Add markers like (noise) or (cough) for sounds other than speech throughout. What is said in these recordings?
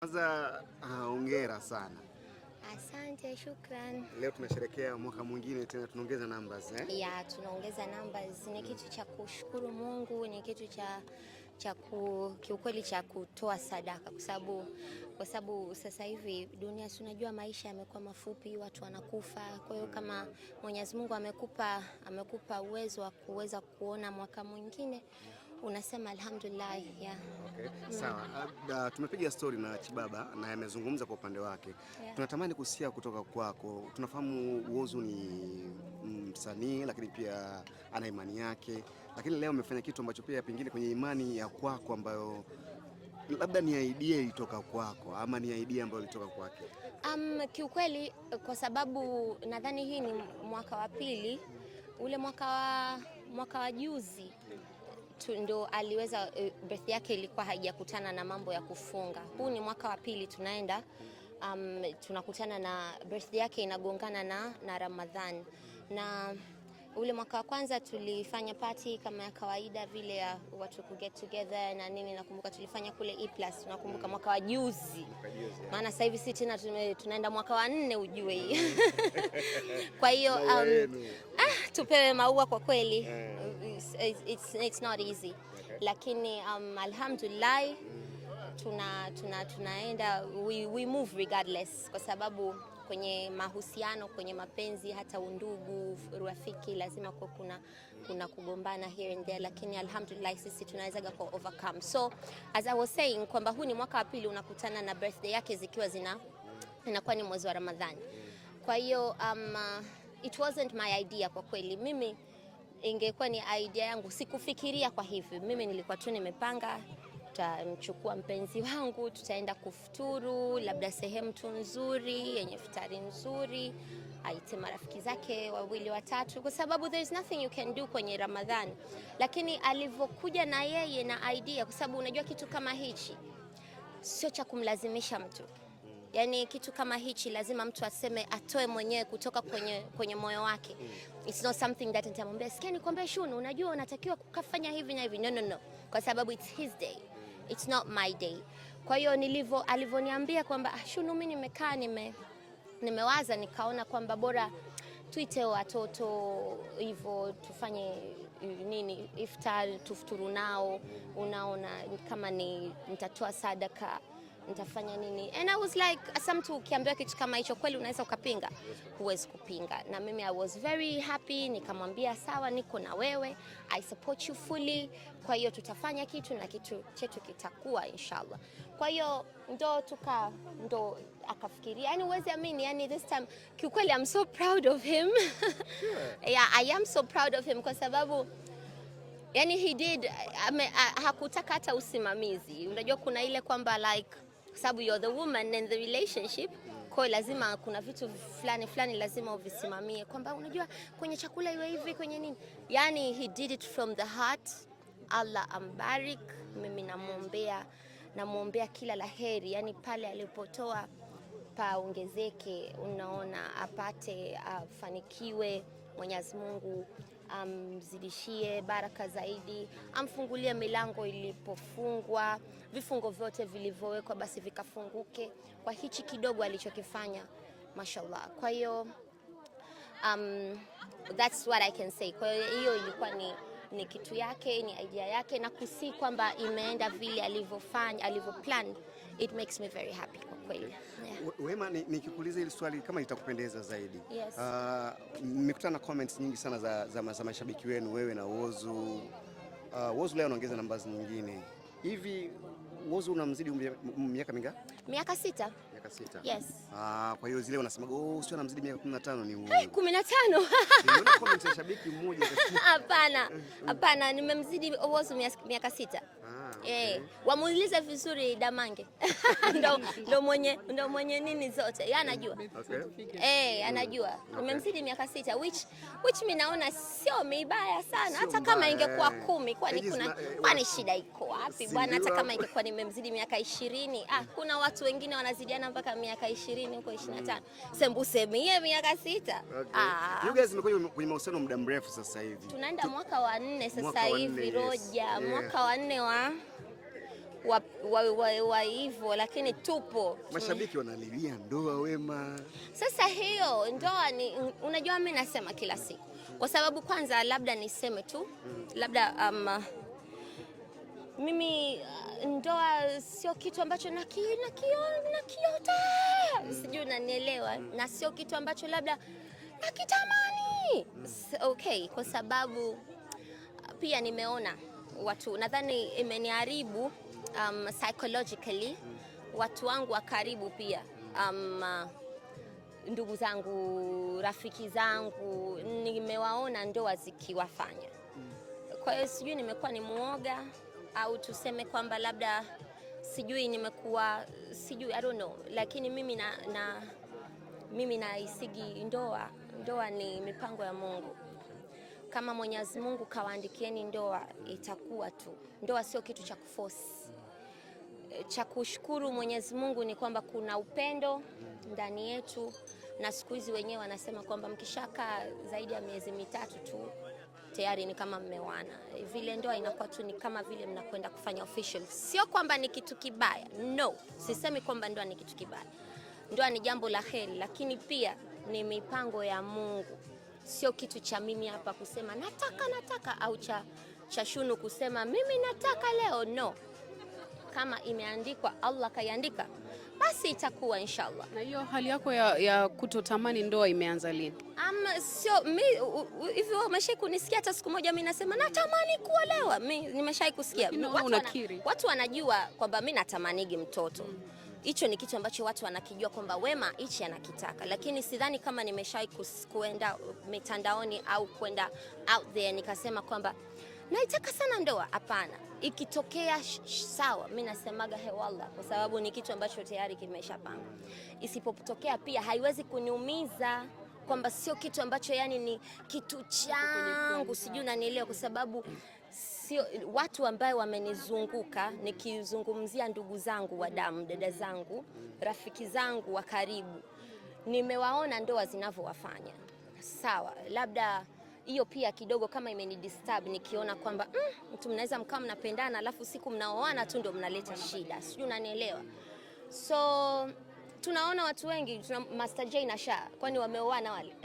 Kwanza ah, hongera sana. Asante, shukran. Leo tunasherehekea mwaka mwingine tena tunaongeza numbers, eh? Ya, tunaongeza numbers. Ni kitu cha kushukuru Mungu, ni kitu cha cha kiukweli cha kutoa sadaka kwa sababu kwa sababu sasa hivi dunia, si unajua, maisha yamekuwa mafupi, watu wanakufa. Kwa hiyo kama Mwenyezi Mungu amekupa amekupa uwezo wa kuweza kuona mwaka mwingine unasema alhamdulillah. Yeah. Okay. Mm. Sawa. Uh, uh tumepiga stori na Chibaba na amezungumza kwa upande wake. Yeah. Tunatamani kusikia kutoka kwako. Tunafahamu Whozu ni mm, msanii lakini pia ana imani yake, lakini leo amefanya kitu ambacho pia pengine kwenye imani ya kwako ambayo labda ni idea ilitoka kwako ama ni idea ambayo ilitoka kwake? Um, kiukweli kwa sababu nadhani hii ni mwaka wa pili, ule mwaka wa mwaka wa juzi tu, ndo aliweza eh, birth yake ilikuwa haijakutana na mambo ya kufunga. Huu ni mwaka wa pili tunaenda um, tunakutana na birth yake inagongana na, na Ramadhan na ule mwaka wa kwanza tulifanya party kama ya kawaida vile ya watu ku get together na nini. Nakumbuka tulifanya kule E plus, nakumbuka mwaka wa juzi, maana sasa hivi si tena tunaenda mwaka wa nne, ujue hii (laughs) kwa hiyo um, ah, tupewe maua kwa kweli. Eh it's, it's not easy okay. Lakini um, alhamdulillah tuna, tuna, tunaenda we, we move regardless kwa sababu kwenye mahusiano kwenye mapenzi hata undugu rafiki lazima kuwa kuna, kuna kugombana here and there, lakini alhamdulillah sisi tunawezaga kwa overcome. So as I was saying kwamba huu ni mwaka wa pili unakutana na birthday yake zikiwa zina inakuwa ni mwezi wa Ramadhani. Kwa hiyo um, uh, it wasn't my idea kwa kweli mimi ingekuwa ni idea yangu, sikufikiria kwa hivi. Mimi nilikuwa tu nimepanga tutamchukua mpenzi wangu, tutaenda kufuturu labda sehemu tu nzuri yenye futari nzuri, aite marafiki zake wawili watatu, kwa sababu there is nothing you can do kwenye Ramadhani. Lakini alivyokuja na yeye na idea, kwa sababu unajua kitu kama hichi sio cha kumlazimisha mtu Yani kitu kama hichi lazima mtu aseme, atoe mwenyewe kutoka kwenye, kwenye moyo wake mm. It's not something that nitamwambia, sikia, nikwambia Shunu, unajua unatakiwa kufanya hivi na hivi. No, no, no, kwa sababu it's his day, it's not my day. Kwa hiyo nilivyo, alivyoniambia kwamba ah, Shunu, mimi nimekaa nime nimewaza nikaona kwamba bora tuite watoto hivyo tufanye eh, nini iftar, tufuturu nao, unaona kama ni nitatoa sadaka nitafanya nini? And I was like, asa mtu ukiambiwa kitu kama hicho kweli unaweza ukapinga? Huwezi kupinga. Na mimi I was very happy, nikamwambia sawa, niko na wewe, I support you fully. Kwa hiyo tutafanya kitu na kitu chetu kitakuwa inshallah. Kwa hiyo ndo tuka ndo akafikiria, yani uwezi amini, yani this time kiukweli I'm so proud of him. (laughs) Yeah, I am so proud of him kwa sababu yani he did, hakutaka hata usimamizi. Unajua kuna ile kwamba like kwa sababu you're the woman in the relationship kwa lazima kuna vitu fulani fulani lazima uvisimamie, kwamba unajua kwenye chakula iwe hivi, kwenye nini. Yani he did it from the heart. Allah ambarik, mimi namwombea, namwombea kila laheri, yani pale alipotoa paongezeke, unaona, apate afanikiwe, Mwenyezi Mungu amzidishie baraka zaidi, amfungulie milango ilipofungwa, vifungo vyote vilivyowekwa basi vikafunguke kwa hichi kidogo alichokifanya, mashallah. Kwa hiyo um, that's what I can say. Kwa hiyo ilikuwa ni ni kitu yake, ni idea yake, na kusi kwamba imeenda vile alivyofanya alivyoplan. It makes me very happy kwa kweli. Yeah. Wema, nikikuuliza hili swali kama litakupendeza zaidi. Yes. Uh, na comments nyingi sana za, za, za mashabiki wenu wewe na Whozu. Uh, Whozu leo anaongeza namba nyingine hivi. Whozu unamzidi miaka mingapi? Miaka sita miaka sita. Yes. Ah, kwa hiyo zile unasemaga oh, sio namzidi miaka 15 ni uongo. 15. Nimeona comment ya shabiki mmoja. (laughs) Hapana. Hapana, nimemzidi Owosu miaka sita. Ah. Eh, wamuulize vizuri Damange (laughs) ndo, ndo mwenye ndo mwenye nini zote yeye anajua okay. Eh, anajua nimemzidi miaka sita which which mimi naona sio mibaya sana hata kama ingekuwa kumi, kwani yaani kuna eh, kwani shida iko wapi bwana? Hata kama ingekuwa nimemzidi miaka ishirini ah, kuna watu wengine wanazidiana mpaka miaka ishirini huko ishirini na mm. tano sembusemie miaka sita ah. kwenye mahusiano muda mrefu sasa hivi tunaenda mwaka wa nne sasa hivi roja mwaka wa nne wa wa, wa, wa, hivyo, lakini tupo. Mashabiki wanalilia ndoa Wema. Sasa hiyo ndoa ni, unajua mimi nasema kila siku, kwa sababu kwanza, labda niseme tu labda um, mimi uh, ndoa sio kitu ambacho nakiota sijui unanielewa, na sio kitu ambacho labda nakitamani okay, kwa sababu pia nimeona watu, nadhani imeniharibu um, psychologically watu wangu wa karibu pia um, uh, ndugu zangu, rafiki zangu nimewaona ndoa zikiwafanya kwa hiyo sijui nimekuwa ni muoga au tuseme kwamba labda sijui nimekuwa sijui I don't know, lakini mimi na, na mimi naisigi ndoa. Ndoa ni mipango ya Mungu. Kama Mwenyezi Mungu kawaandikieni ndoa, itakuwa tu. Ndoa sio kitu cha kuforce cha kushukuru Mwenyezi Mungu ni kwamba kuna upendo ndani yetu, na siku hizi wenyewe wanasema kwamba mkishakaa zaidi ya miezi mitatu tu tayari ni kama mmewana vile, ndoa inakuwa tu ni kama vile mnakwenda kufanya official. Sio kwamba ni kitu kibaya, no, sisemi kwamba ndoa ni kitu kibaya. Ndoa ni jambo la heri, lakini pia ni mipango ya Mungu, sio kitu cha mimi hapa kusema nataka nataka, au cha cha Shunu kusema mimi nataka leo, no kama imeandikwa, Allah kaiandika, basi itakuwa inshallah. Na hiyo hali yako ya, ya kutotamani ndoa imeanza lini? Um, sio hivi, umeshai kunisikia hata siku moja mimi nasema natamani kuolewa? Mimi nimeshai kusikia watu, Wana, watu wanajua kwamba mimi natamanigi mtoto hicho ni kitu ambacho watu wanakijua kwamba Wema hichi anakitaka, lakini sidhani kama nimeshawahi kuenda mitandaoni au kwenda out there nikasema kwamba naitaka sana ndoa. Hapana ikitokea sawa, mi nasemaga hewalla, kwa sababu ni kitu ambacho tayari kimeshapanga. Isipotokea pia haiwezi kuniumiza kwamba sio kitu ambacho yani ni kitu changu, sijui unanielewa, kwa sababu sio watu ambao wamenizunguka, nikizungumzia ndugu zangu wa damu, dada zangu, rafiki zangu wa karibu, nimewaona ndoa zinavyowafanya. Sawa, labda hiyo pia kidogo kama imenidisturb nikiona kwamba mm, mtu mnaweza mkawa mnapendana alafu siku mnaoana tu ndio mnaleta shida, sijui unanielewa. So tunaona watu wengi tuna Master J na Sha, kwani wameoana wale?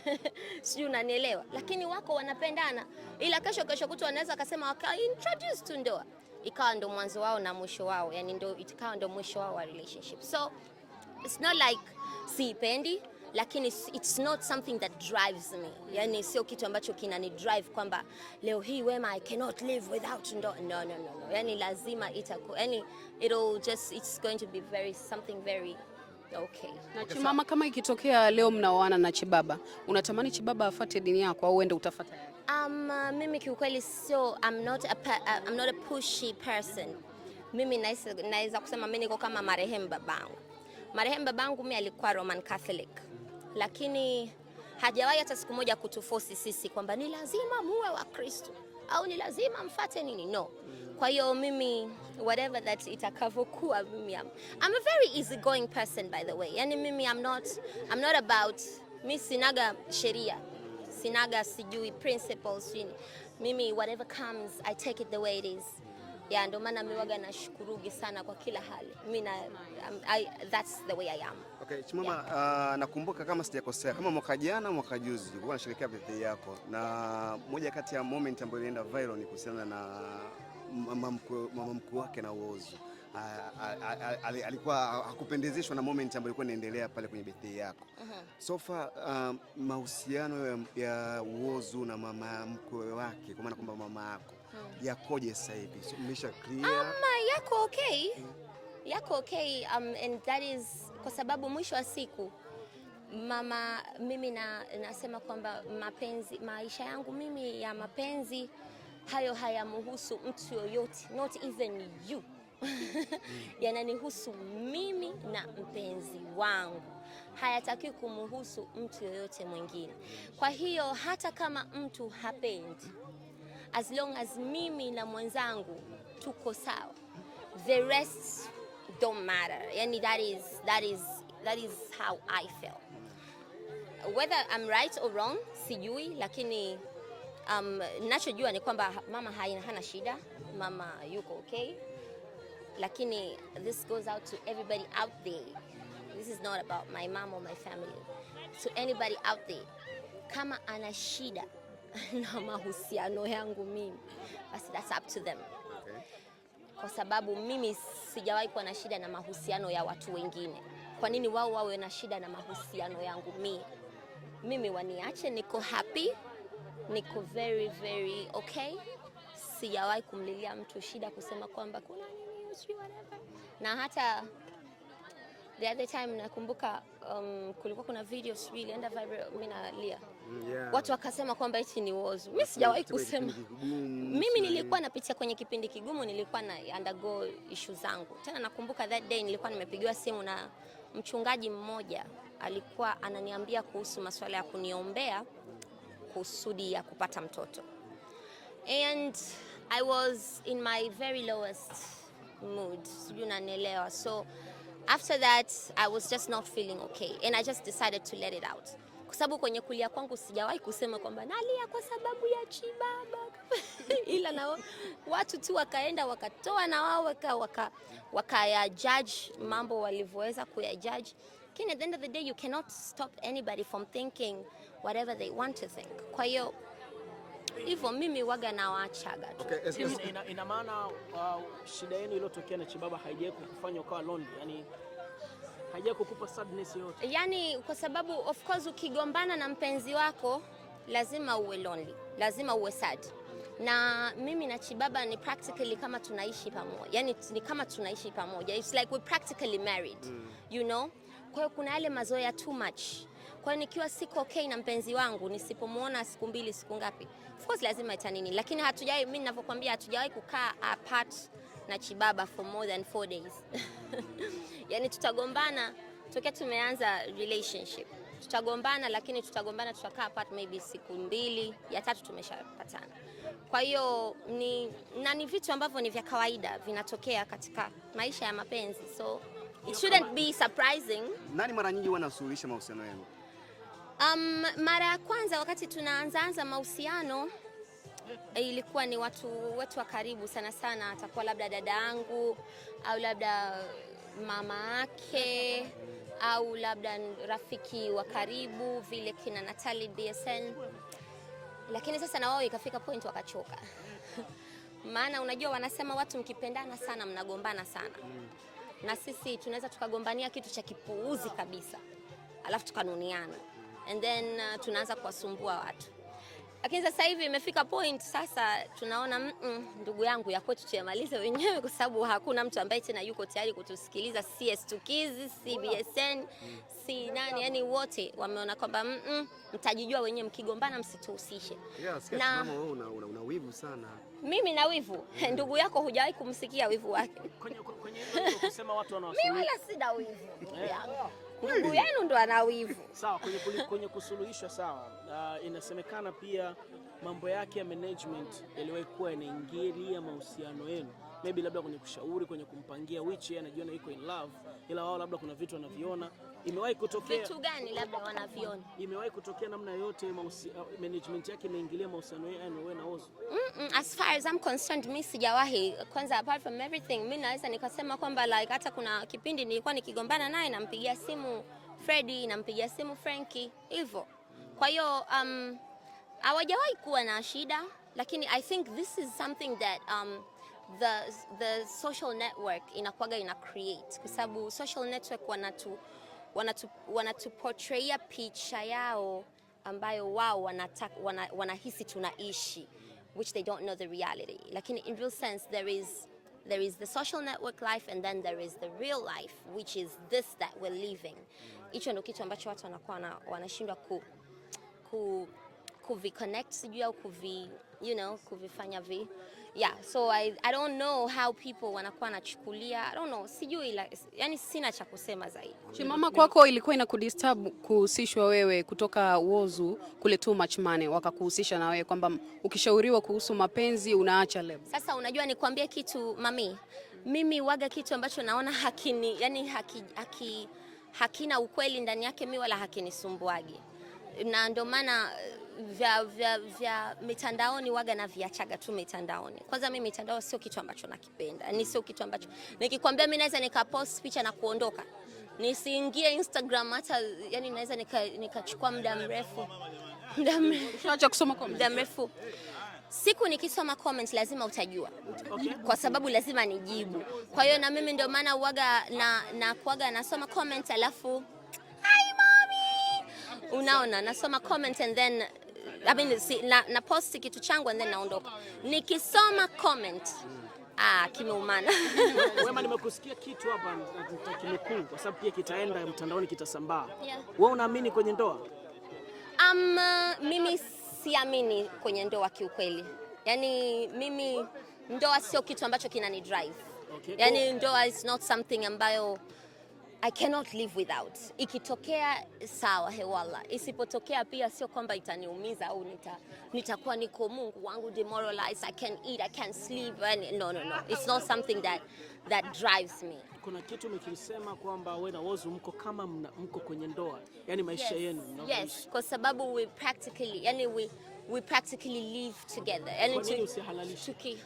(laughs) sijui unanielewa, lakini wako wanapendana, ila kesho kesho kutu wanaweza akasema waka introduce tu ndoa ikawa ndo mwanzo wao na mwisho wao, yani ndo ikawa ndo mwisho wao wa relationship. So it's not like siipendi lakini it's not something that drives me, yani sio kitu ambacho kinani drive kwamba leo hii Wema I cannot live without no No, no, no, yani lazima itako. yani it'll just it's going to be very something very Okay. Na Chimama, kama ikitokea leo mnaoana na Chibaba, unatamani Chibaba afuate dini yako au uende utafata yake? Um, uh, mimi kiukweli sio, I'm not a, uh, I'm not a pushy person. Mimi naweza kusema mimi niko kama marehemu babangu. Marehemu babangu mimi alikuwa Roman Catholic lakini hajawahi hata siku moja kutufosi sisi kwamba ni lazima muwe wa Kristo au ni lazima mfate nini, no. Kwa hiyo mimi whatever that itakavyokuwa, mimi am, I'm a very easy going person by the way. Yani mimi I'm not, I'm not about mi sinaga sheria sinaga sijui principles nini, mimi whatever comes I take it the way it is ya ndio maana waga nashukurugi sana kwa kila hali. Mimi na, I, that's the way I am. Okay, Chimama, uh, nakumbuka kama sijakosea, kama mwaka jana mwaka juzi ulikuwa unasherehekea birthday yako, na moja kati ya moment ambayo ilienda viral ni kuhusiana na mama mkuu wake na Whozu. Alikuwa hakupendezeshwa na moment ambayo ilikuwa inaendelea pale kwenye birthday yako. Uh-huh. So far uh, mahusiano ya Whozu na mama mkwe wake, kwa maana kwamba mama yako hmm. yakoje sasa hivi? Mmesha clear? Ama um, yako okay, yako okay, um, and that is kwa sababu mwisho wa siku mama, mimi na, nasema kwamba mapenzi, maisha yangu mimi ya mapenzi hayo hayamhusu mtu yoyote, not even you (laughs) yananihusu mimi na mpenzi wangu, hayatakiwi kumhusu mtu yoyote mwingine. Kwa hiyo hata kama mtu hapendi, as long as mimi na mwenzangu tuko sawa, the rest don't matter yani that is, that is, that is how I feel whether I'm right or wrong sijui, lakini um, nachojua ni kwamba mama haina, hana shida, mama yuko okay, lakini this goes out to everybody out there. This is not about my mom or my family. To anybody out there, kama ana shida (laughs) na mahusiano yangu mimi, basi that's up to them kwa sababu mimi sijawahi kuwa na shida na mahusiano ya watu wengine. Kwa nini wao wawe na shida na mahusiano yangu? Mi mimi waniache, niko happy, niko very very okay. Sijawahi kumlilia mtu shida kusema kwamba kuna nini, na hata the other time nakumbuka, um, kulikuwa kuna video sijui ilienda viral, mimi nalia mm, yeah. Watu wakasema kwamba hichi ni wozu. Mimi mm, sijawahi kusema mimi nilikuwa napitia kwenye kipindi kigumu, nilikuwa na undergo issue zangu. Tena nakumbuka that day nilikuwa nimepigiwa simu na mchungaji mmoja, alikuwa ananiambia kuhusu masuala ya kuniombea kusudi ya kupata mtoto and I was in my very lowest mood, sijui unanielewa so After that I was just not feeling okay and I just decided to let it out, kwa sababu kwenye kulia kwangu sijawahi kusema kwamba nalia kwa sababu ya Chibaba (laughs) ila nao watu tu wakaenda wakatoa na wao waka wakayajudge mambo walivyoweza kuyajudge. At the end of the day you cannot stop anybody from thinking whatever they want to think. Kwa hiyo hivyo mimi waga na nawaachaga tu. Okay, ina, ina maana uh, shida yenu iliyotokea na Chibaba haijai kukufanya ukawa lonely yani haija kukupa sadness yote. yani kwa sababu of course ukigombana na mpenzi wako lazima uwe lonely, lazima uwe sad. Na mimi na Chibaba ni practically kama tunaishi pamoja. Yaani ni kama tunaishi pamoja. It's like we practically married. Mm. You know? Kwa hiyo kuna yale mazoea too much. Kwa nikiwa siko okay na mpenzi wangu nisipomuona siku mbili siku ngapi, of course lazima itanini, lakini hatujawai, mimi ninavyokuambia, hatujawahi kukaa apart na Chibaba for more than four days (laughs) yani tutagombana tokea tumeanza relationship tutagombana lakini tutagombana, tutakaa apart maybe siku mbili, ya tatu tumeshapatana. Kwa hiyo ni na ni vitu ambavyo ni vya kawaida vinatokea katika maisha ya mapenzi, so it shouldn't be surprising. Nani mara nyingi wanasuluhisha mahusiano yenu? Um, mara ya kwanza wakati tunaanzaanza mahusiano ilikuwa ni watu wetu wa karibu sana sana, atakuwa labda dada yangu au labda mama yake au labda rafiki wa karibu vile kina Natalie BSN, lakini sasa na wao ikafika point wakachoka. (laughs) Maana unajua wanasema watu mkipendana sana mnagombana sana, na sisi tunaweza tukagombania kitu cha kipuuzi kabisa alafu tukanuniana and then uh, tunaanza kuwasumbua watu. Lakini sasa hivi imefika point sasa tunaona mm -mm, ndugu yangu ya kwetu tuyamalize wenyewe kwa sababu hakuna mtu ambaye tena yuko tayari kutusikiliza cs Tukizi, CBSN, si nani, yani wote wameona kwamba mm -mm, mtajijua wenyewe mkigombana msituhusishe. Yes, na wewe una, una, una wivu sana. Mimi na wivu. (laughs) Ndugu yako hujawahi kumsikia wivu wake. Kwenye kwenye kusema watu (laughs) wanawasimama. Mimi wala sina wivu ndugu yenu ndo ana wivu. (laughs) Sawa, kwenye, kwenye kusuluhishwa sawa. Uh, inasemekana pia mambo yake ya management yaliwahi kuwa yanaingilia mahusiano yenu maybe labda kwenye kushauri, kwenye kumpangia which yeye anajiona iko in love, ila wao labda kuna vitu wanaviona. Imewahi kutokea vitu gani labda wanaviona? Imewahi kutokea namna yote yoyote uh, management yake imeingilia mahusiano yenu wewe na Ozo? Mm -mm, as far as I'm concerned mimi sijawahi. Kwanza apart from everything mimi naweza nikasema kwamba like hata kuna kipindi nilikuwa nikigombana naye nampigia simu Freddy, nampigia simu Frankie hivyo. Kwa hiyo um, hawajawahi kuwa na shida, lakini I think this is something that um, the, the social network inakuaga ina create kwa sababu social network wanatu, wanatu, wanatu picha yao ambayo wao wanahisi wana, wana tunaishi which they don't know the reality lakini in real sense there is there is the social network life and then there is the real life which is this that we're living. Hicho ndio kitu ambacho watu wanakuwa wanashindwa ku, ku, ku, connect sijui au kuvi you know kuvifanya vi yeah, so I, I don't know how people wanakuwa nachukulia I don't know, sijui ila, yani sina cha kusema zaidi. Chimama, kwako ilikuwa ina kuhusishwa wewe kutoka wozu kule Too Much Money wakakuhusisha na wewe kwamba ukishauriwa kuhusu mapenzi unaacha lebo? Sasa unajua nikwambie kitu mami, mimi waga kitu ambacho naona hakini, yani haki, haki, hakina ukweli ndani yake mi wala hakinisumbuagi na ndio maana vya, vya, vya mitandaoni waga na viachaga tu mitandaoni. Kwanza mimi mitandao sio kitu ambacho nakipenda, ni sio kitu ambacho nikikwambia mimi naweza nikapost picha na kuondoka nisiingie Instagram hata, yani naweza nikachukua nika muda mrefu muda mrefu siku nikisoma comment lazima utajua, kwa sababu lazima nijibu. Kwa hiyo na mimi ndio maana uwaga na, na kuaga nasoma comment alafu, hi mommy, unaona nasoma comment and then I mean, si, na, na post kitu changu and then naondoka nikisoma comment Ah, kimeumana. (laughs) Wema, nimekusikia kitu hapa kimekuu, kwa sababu pia kitaenda mtandaoni, kitasambaa. Yeah. Wewe unaamini kwenye ndoa? Um, mimi siamini kwenye ndoa kiukweli. Yaani mimi ndoa sio kitu ambacho kinani drive. Okay. Yaani ndoa is not something ambayo I cannot live without. Ikitokea sawa, hewala. Isipotokea pia sio kwamba itaniumiza au nita, nitakuwa niko Mungu wangu demoralized, I can eat, I can sleep. No, no, no. It's not something that, that drives me. Kuna kitu nikisema kwamba wewe na Whozu mko kama mna, mko kwenye ndoa. Yaani maisha yenu. Yes, yes, kwa sababu we practically, yani we, we practically live together. Yani tuki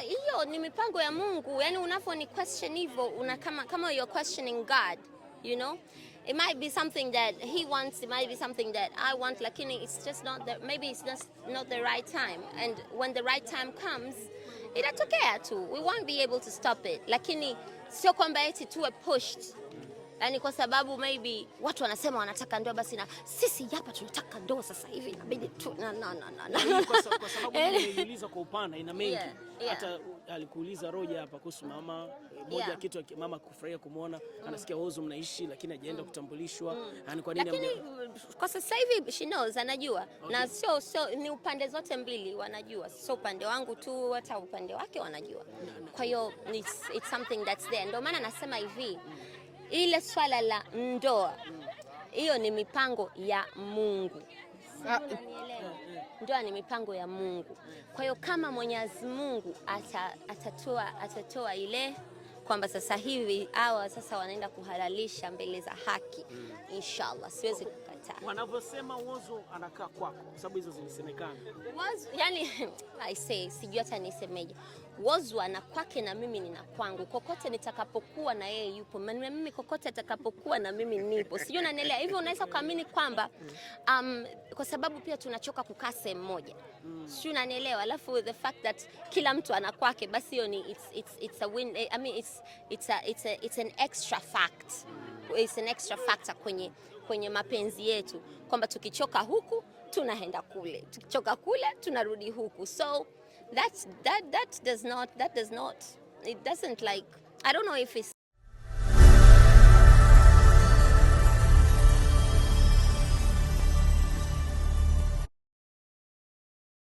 hiyo ni mipango ya Mungu. Yani unapo question hivyo, una kama kama you're questioning God, you know it might be something that he wants, it might be something that I want, lakini it's just not the, maybe it's just not the right time and when the right time comes itatokea tu, we won't be able to stop it, lakini sio kwamba eti tuwe pushed yani kwa sababu maybe watu wanasema wanataka ndoa, basi na sisi hapa tunataka ndoa sasa hivi, inabidi tu na na na na, yaani kwa sababu (laughs) yaani nimeuliza kwa upana, ina mengi hata alikuuliza Roja hapa kuhusu mama moja yeah. Kitu mama kufurahia kumwona mm. Anasikia wozu mnaishi lakini hajaenda mm. kutambulishwa mm. Ah, kwa nini lakini kwa sasa hivi she knows anajua okay. Na sio sio ni upande zote mbili wanajua, sio upande wangu tu, hata upande wake wanajua. Kwa hiyo it's, it's something that's there, ndio maana nasema hivi mm ile swala la ndoa hiyo ni mipango ya Mungu. Ndoa ni mipango ya Mungu. Kwa hiyo kama Mwenyezi Mungu atatoa, atatoa ile kwamba sasa hivi hawa sasa wanaenda kuhalalisha mbele za haki, inshallah siwezi kuota. Wanavyosema Whozu anakaa kwako, kwa sababu hizo zilisemekana. Whozu yani (laughs) I say sijui hata nisemeje. Whozu ana kwake na mimi nina kwangu, kokote nitakapokuwa na yeye yupo, maana mimi kokote atakapokuwa na mimi nipo, sijui unanielewa. Hivyo unaweza kuamini kwamba um, kwa sababu pia tunachoka kukaa sehemu moja mm. sijui unanielewa, alafu the fact that kila mtu ana kwake, basi hiyo ni it's, it's, it's a win, I mean, it's, it's, a, it's, a, it's an extra fact mm is an extra factor kwenye, kwenye mapenzi yetu kwamba tukichoka huku tunaenda kule, tukichoka kule tunarudi huku so that's, that, that does not, that does not, it doesn't like I don't know if it's